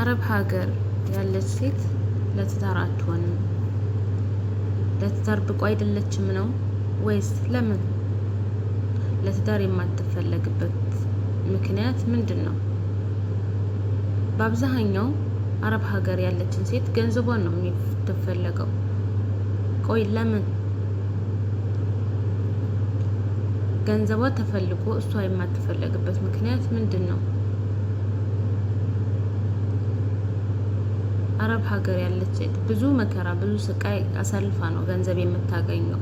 አረብ ሀገር ያለች ሴት ለትዳር አትሆንም። ለትዳር ብቁ አይደለችም ነው ወይስ ለምን? ለትዳር የማትፈለግበት ምክንያት ምንድን ነው? በአብዛኛው አረብ ሀገር ያለችን ሴት ገንዘቧን ነው የምትፈለገው። ቆይ ለምን ገንዘቧ ተፈልጎ እሷ የማትፈለግበት ምክንያት ምንድን ነው? አረብ ሀገር ያለች ሴት ብዙ መከራ ብዙ ስቃይ አሳልፋ ነው ገንዘብ የምታገኘው።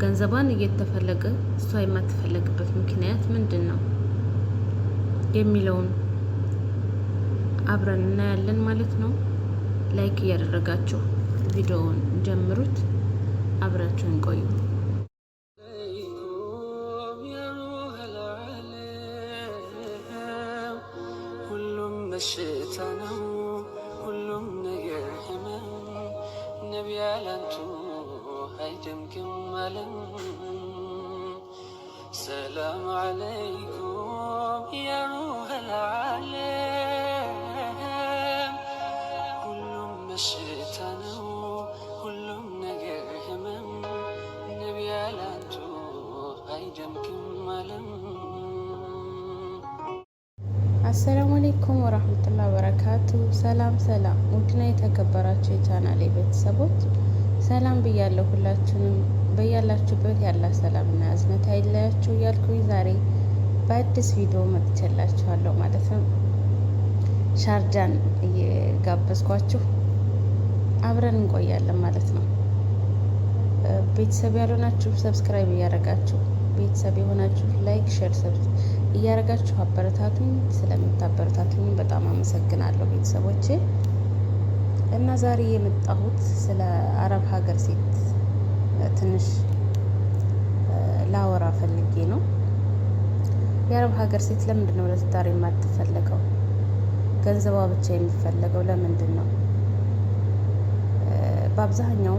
ገንዘቧን እየተፈለገ እሷ የማትፈለግበት ምክንያት ምንድን ነው የሚለውን አብረን እናያለን ማለት ነው። ላይክ እያደረጋችሁ ቪዲዮውን ጀምሩት። አብራችሁን ቆዩ። ሰላም አለይኩም የሩህል ዓለም ሁሉም በሽታ ነው፣ ሁሉም ነገር ህመም። ነቢ ያላንቱ አይደምቅም አለም። አሰላሙ አለይኩም ወራህመቱላሂ ወበረካቱ። ሰላም ሰላም፣ ውድና የተከበራችሁ የቻናሌ ቤተሰቦች ሰላም ብያለሁ ሁላችሁንም በያላችሁበት ያላ ሰላምና እዝነት አይለያችሁ እያልኩኝ ዛሬ በአዲስ ቪዲዮ መጥቼላችኋለሁ ማለት ነው። ሻርጃን እየጋበዝኳችሁ አብረን እንቆያለን ማለት ነው። ቤተሰብ ያልሆናችሁ ሰብስክራይብ እያደረጋችሁ ቤተሰብ የሆናችሁ ላይክ፣ ሼር እያደረጋችሁ አበረታቱኝ። ስለምታበረታቱኝ በጣም አመሰግናለሁ ቤተሰቦቼ። እና ዛሬ የመጣሁት ስለ አረብ ሀገር ሴት ትንሽ ላወራ ፈልጌ ነው። የአረብ ሀገር ሴት ለምንድን ነው ለትዳር የማትፈለገው? ገንዘቧ ብቻ የሚፈለገው ለምንድን ነው? በአብዛኛው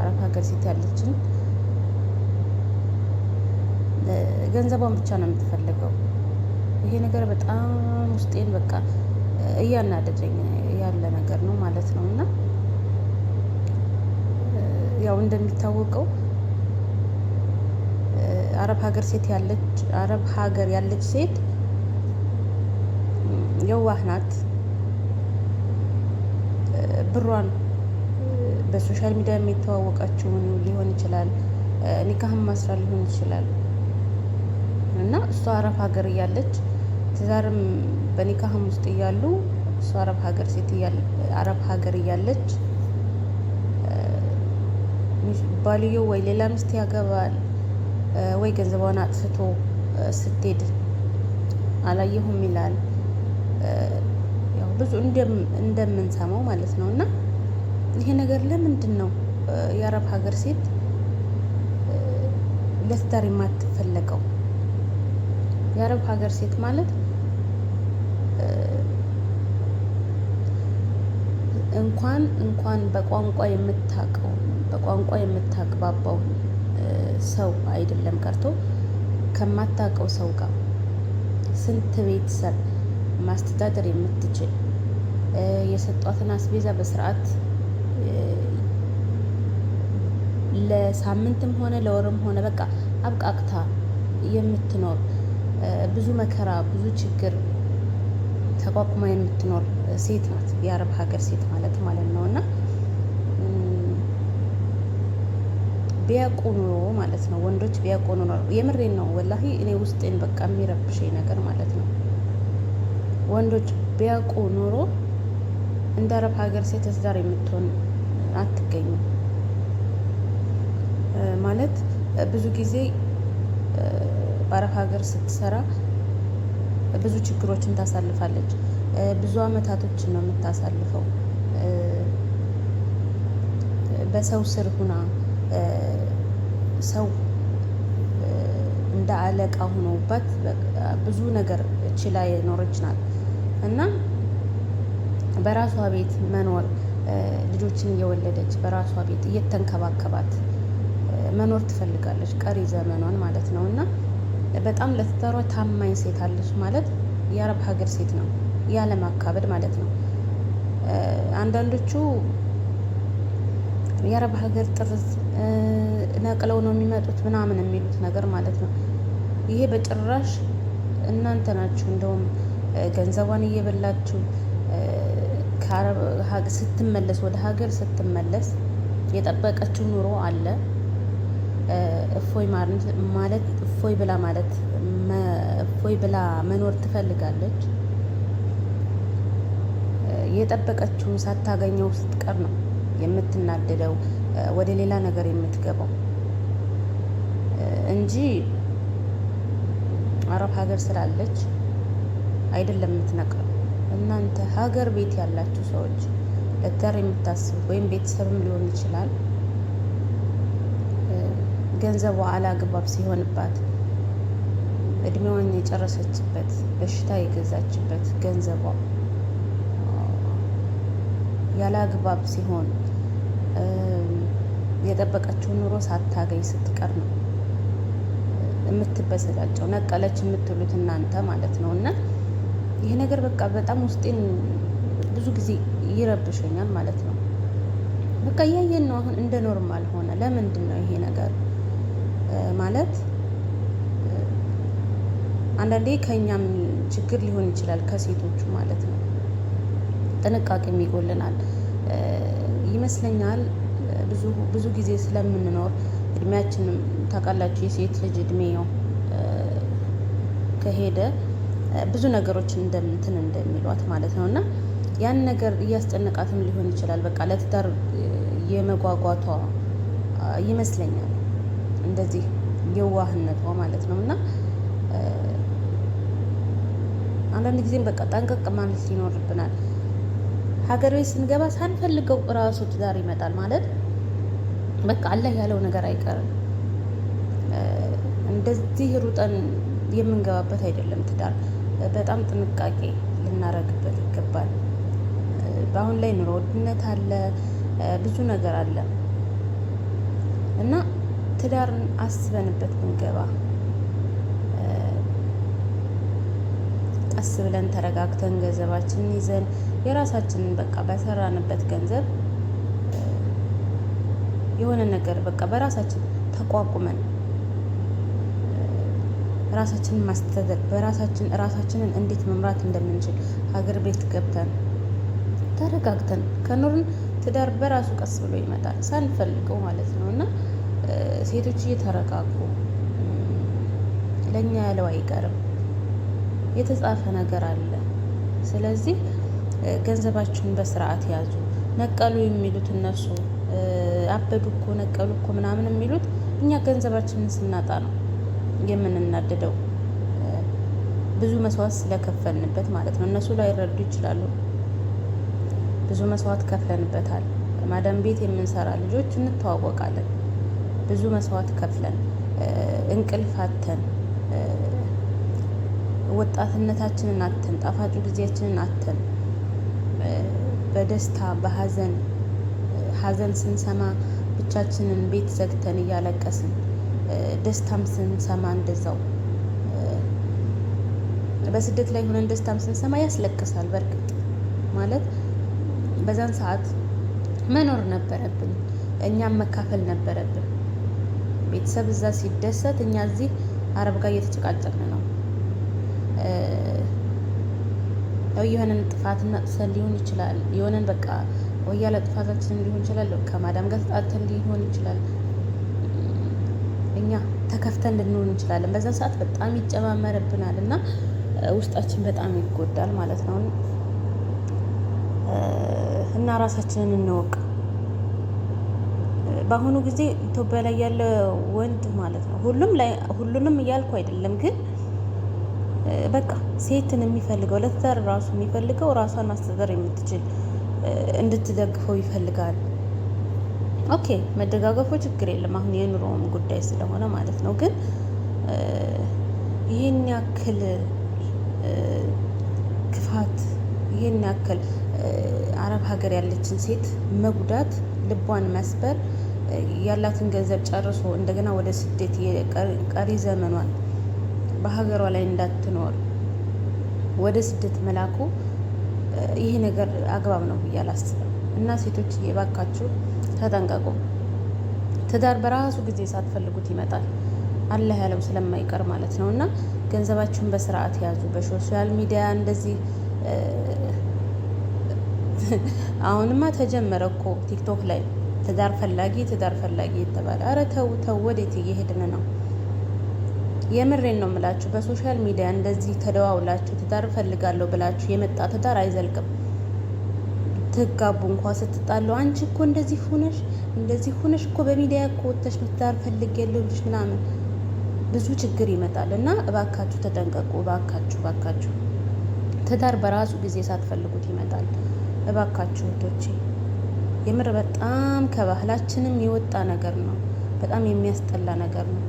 አረብ ሀገር ሴት ያለችን ገንዘቧን ብቻ ነው የምትፈልገው። ይሄ ነገር በጣም ውስጤን በቃ እያናደደኝ ያለ ነገር ነው ማለት ነው። እና ያው እንደሚታወቀው አረብ ሀገር ሴት ያለች አረብ ሀገር ያለች ሴት የዋህ ናት። ብሯን በሶሻል ሚዲያ የሚተዋወቃቸውን ሊሆን ይችላል፣ ኒካህም ማስራ ሊሆን ይችላል እና እሷ አረብ ሀገር እያለች በትዳርም በኒካህም ውስጥ እያሉ እሱ አረብ ሀገር ሴት አረብ ሀገር እያለች ባልየው ወይ ሌላ ሚስት ያገባል ወይ ገንዘቧን አጥፍቶ ስትሄድ አላየሁም ይላል። ያው ብዙ እንደምንሰማው ማለት ነው። እና ይሄ ነገር ለምንድን ነው የአረብ ሀገር ሴት ለትዳር የማትፈለገው? የአረብ ሀገር ሴት ማለት እንኳን እንኳን በቋንቋ የምታውቀው በቋንቋ የምታግባባው ሰው አይደለም ቀርቶ ከማታውቀው ሰው ጋር ስንት ቤተሰብ ማስተዳደር የምትችል የሰጧትን አስቤዛ በስርዓት ለሳምንትም ሆነ ለወርም ሆነ በቃ አብቃቅታ የምትኖር ብዙ መከራ ብዙ ችግር ተቋቁማ የምትኖር ሴት ናት። የአረብ ሀገር ሴት ማለት ማለት ነው እና ቢያውቁ ኑሮ ማለት ነው ወንዶች ቢያውቁ ኑሮ የምሬን ነው ወላሂ እኔ ውስጤን በቃ የሚረብሸኝ ነገር ማለት ነው ወንዶች ቢያውቁ ኑሮ እንደ አረብ ሀገር ሴት ትዳር የምትሆን አትገኝም። ማለት ብዙ ጊዜ በአረብ ሀገር ስትሰራ ብዙ ችግሮችን ታሳልፋለች። ብዙ አመታቶችን ነው የምታሳልፈው በሰው ስር ሁና ሰው እንደ አለቃ ሆነውባት ብዙ ነገር ችላ የኖረች ናት እና በራሷ ቤት መኖር ልጆችን እየወለደች በራሷ ቤት እየተንከባከባት መኖር ትፈልጋለች ቀሪ ዘመኗን ማለት ነው እና በጣም ለትዳሯ ታማኝ ሴት አለች ማለት የአረብ ሀገር ሴት ነው፣ ያለ ማካበድ ማለት ነው። አንዳንዶቹ የአረብ ሀገር ጥርዝ ነቅለው ነው የሚመጡት ምናምን የሚሉት ነገር ማለት ነው። ይሄ በጭራሽ እናንተ ናችሁ እንደውም ገንዘቧን እየበላችሁ ስትመለስ ወደ ሀገር ስትመለስ የጠበቀችው ኑሮ አለ እፎይ ማለት እፎይ ብላ ማለት እፎይ ብላ መኖር ትፈልጋለች። የጠበቀችውን ሳታገኘው ስትቀር ነው የምትናደደው፣ ወደ ሌላ ነገር የምትገባው እንጂ አረብ ሀገር ስላለች አይደለም የምትነቅረው። እናንተ ሀገር ቤት ያላችሁ ሰዎች ለትዳር የምታስቡ ወይም ቤተሰብም ሊሆን ይችላል ገንዘቧ አላግባብ ሲሆንባት እድሜዋን የጨረሰችበት በሽታ የገዛችበት ገንዘቧ ያላግባብ ሲሆን የጠበቀችው ኑሮ ሳታገኝ ስትቀር ነው የምትበሰላቸው። ነቀለች የምትሉት እናንተ ማለት ነው። እና ይሄ ነገር በቃ በጣም ውስጤን ብዙ ጊዜ ይረብሸኛል ማለት ነው። በቃ እያየን ነው አሁን እንደ ኖርማል ሆነ። ለምንድን ነው ይሄ ነገር? ማለት አንዳንዴ ከእኛም ችግር ሊሆን ይችላል ከሴቶቹ ማለት ነው። ጥንቃቄም ይጎልናል ይመስለኛል። ብዙ ጊዜ ስለምንኖር እድሜያችንም ታውቃላችሁ፣ የሴት ልጅ እድሜው ከሄደ ብዙ ነገሮች እንደምንትን እንደሚሏት ማለት ነው እና ያን ነገር እያስጨነቃትም ሊሆን ይችላል። በቃ ለትዳር የመጓጓቷ ይመስለኛል። እንደዚህ የዋህነቷ ማለት ነው። እና አንዳንድ ጊዜም በቃ ጠንቀቅ ማለት ይኖርብናል። ሀገር ቤት ስንገባ ሳንፈልገው እራሱ ትዳር ይመጣል ማለት በቃ አላህ ያለው ነገር አይቀርም። እንደዚህ ሩጠን የምንገባበት አይደለም ትዳር። በጣም ጥንቃቄ ልናደርግበት ይገባል። በአሁን ላይ ኑሮ ውድነት አለ፣ ብዙ ነገር አለ እና ትዳርን አስበንበት ብንገባ ቀስ ብለን ተረጋግተን ገንዘባችንን ይዘን የራሳችንን በቃ በሰራንበት ገንዘብ የሆነ ነገር በቃ በራሳችን ተቋቁመን ራሳችንን ማስተዳደር በራሳችን ራሳችንን እንዴት መምራት እንደምንችል ሀገር ቤት ገብተን ተረጋግተን ከኖርን ትዳር በራሱ ቀስ ብሎ ይመጣል፣ ሳንፈልገው ማለት ነው እና ሴቶች እየተረጋጉ ለእኛ ያለው አይቀርም፣ የተጻፈ ነገር አለ። ስለዚህ ገንዘባችሁን በስርዓት ያዙ። ነቀሉ የሚሉት እነሱ አበዱ እኮ ነቀሉ እኮ ምናምን የሚሉት እኛ ገንዘባችንን ስናጣ ነው የምንናደደው፣ ብዙ መስዋዕት ስለከፈልንበት ማለት ነው። እነሱ ላይረዱ ይችላሉ። ብዙ መስዋዕት ከፍለንበታል። ማዳም ቤት የምንሰራ ልጆች እንተዋወቃለን። ብዙ መስዋዕት ከፍለን እንቅልፍ አተን ወጣትነታችንን አተን ጣፋጩ ጊዜያችንን አተን በደስታ በሀዘን ሀዘን ስንሰማ ብቻችንን ቤት ዘግተን እያለቀስን ደስታም ስንሰማ እንደዛው በስደት ላይ ሆነን ደስታም ስንሰማ ያስለቅሳል። በእርግጥ ማለት በዛን ሰዓት መኖር ነበረብን፣ እኛም መካፈል ነበረብን። ቤተሰብ እዛ ሲደሰት እኛ እዚህ አረብ ጋር እየተጨቃጨቅን ነው። ያው የሆነን ጥፋት ነቅሰን ሊሆን ይችላል። የሆነን በቃ ወያለ ጥፋታችን ሊሆን ይችላል። ከማዳም ጋር ተጣልተን ሊሆን ይችላል። እኛ ተከፍተን ልንሆን እንችላለን። በዛ ሰዓት በጣም ይጨማመርብናል እና ውስጣችን በጣም ይጎዳል ማለት ነው እና ራሳችንን እንወቅ። በአሁኑ ጊዜ ኢትዮጵያ ላይ ያለ ወንድ ማለት ነው ሁሉም ላይ ሁሉንም እያልኩ አይደለም፣ ግን በቃ ሴትን የሚፈልገው ለትዳር ራሱ የሚፈልገው ራሷን ማስተዳደር የምትችል እንድትደግፈው ይፈልጋል። ኦኬ መደጋገፉ ችግር የለም አሁን የኑሮውም ጉዳይ ስለሆነ ማለት ነው። ግን ይህን ያክል ክፋት ይህን ያክል አረብ ሀገር ያለችን ሴት መጉዳት፣ ልቧን መስበር ያላትን ገንዘብ ጨርሶ እንደገና ወደ ስደት ቀሪ ዘመኗን በሀገሯ ላይ እንዳትኖር ወደ ስደት መላኩ ይሄ ነገር አግባብ ነው ብዬ አላስብም። እና ሴቶች እየባካችሁ ተጠንቀቁ። ትዳር በራሱ ጊዜ ሳትፈልጉት ይመጣል። አላህ ያለው ስለማይቀር ማለት ነው። እና ገንዘባችሁን በስርዓት ያዙ። በሶሻል ሚዲያ እንደዚህ አሁንማ ተጀመረ እኮ ቲክቶክ ላይ ትዳር ፈላጊ ትዳር ፈላጊ የተባለ አረ ተው ተው፣ ወዴት እየሄድን ነው? የምሬን ነው የምላችሁ። በሶሻል ሚዲያ እንደዚህ ተደዋውላችሁ ትዳር እፈልጋለሁ ብላችሁ የመጣ ትዳር አይዘልቅም። ትጋቡ እንኳ ስትጣለው አንቺ እኮ እንደዚህ ሆነሽ እንደዚህ ሆነሽ እኮ በሚዲያ እኮ ወጥተሽ ትዳር ፈልጌለሁ ብለሽ ምናምን ብዙ ችግር ይመጣል እና እባካችሁ ተጠንቀቁ። እባካችሁ እባካችሁ ትዳር በራሱ ጊዜ ሳትፈልጉት ይመጣል። እባካችሁ እህቶቼ የምር በጣም ከባህላችንም የወጣ ነገር ነው። በጣም የሚያስጠላ ነገር ነው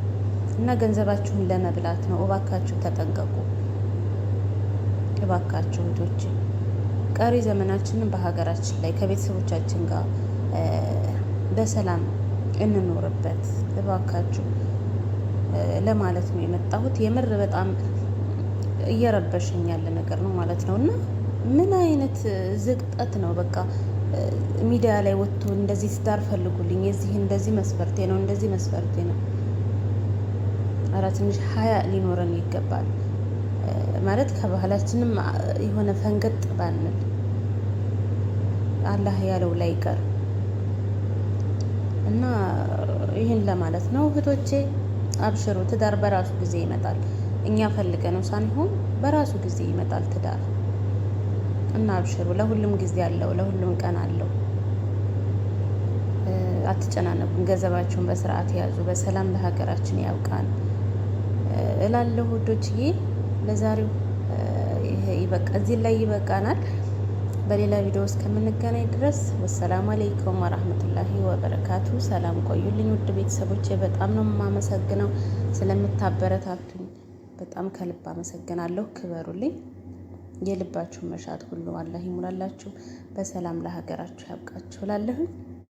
እና ገንዘባችሁን ለመብላት ነው። እባካችሁ ተጠንቀቁ። እባካችሁ እህቶች፣ ቀሪ ዘመናችንን በሀገራችን ላይ ከቤተሰቦቻችን ጋር በሰላም እንኖርበት እባካችሁ ለማለት ነው የመጣሁት። የምር በጣም እየረበሸኝ ያለ ነገር ነው ማለት ነው እና ምን አይነት ዝቅጠት ነው በቃ ሚዲያ ላይ ወጥቶ እንደዚህ ትዳር ፈልጉልኝ፣ የዚህ እንደዚህ መስፈርቴ ነው፣ እንደዚህ መስፈርቴ ነው። ኧረ ትንሽ ሀያ ሊኖረን ይገባል ማለት ከባህላችንም የሆነ ፈንገጥ ባንል አላህ ያለው ላይ ቀር እና ይህን ለማለት ነው እህቶቼ፣ አብሽሩ። ትዳር በራሱ ጊዜ ይመጣል። እኛ ፈልገ ነው ሳንሆን በራሱ ጊዜ ይመጣል ትዳር እና አብሽሩ። ለሁሉም ጊዜ አለው፣ ለሁሉም ቀን አለው። አትጨናነቁም። ገንዘባችሁን በስርዓት ያዙ። በሰላም ለሀገራችን ያውቃን እላለሁ ውዶችዬ። ለዛሬው ይበቃ እዚህ ላይ ይበቃናል። በሌላ ቪዲዮ እስከምንገናኝ ድረስ ወሰላሙ አለይኩም ወራህመቱላሂ ወበረካቱ። ሰላም ቆዩልኝ ውድ ቤተሰቦቼ። በጣም ነው የማመሰግነው ስለምታበረታቱኝ፣ በጣም ከልብ አመሰግናለሁ። ክበሩልኝ። የልባችሁ መሻት ሁሉ አላህ ይሙላላችሁ። በሰላም ለሀገራችሁ ያብቃችሁ እላለሁኝ።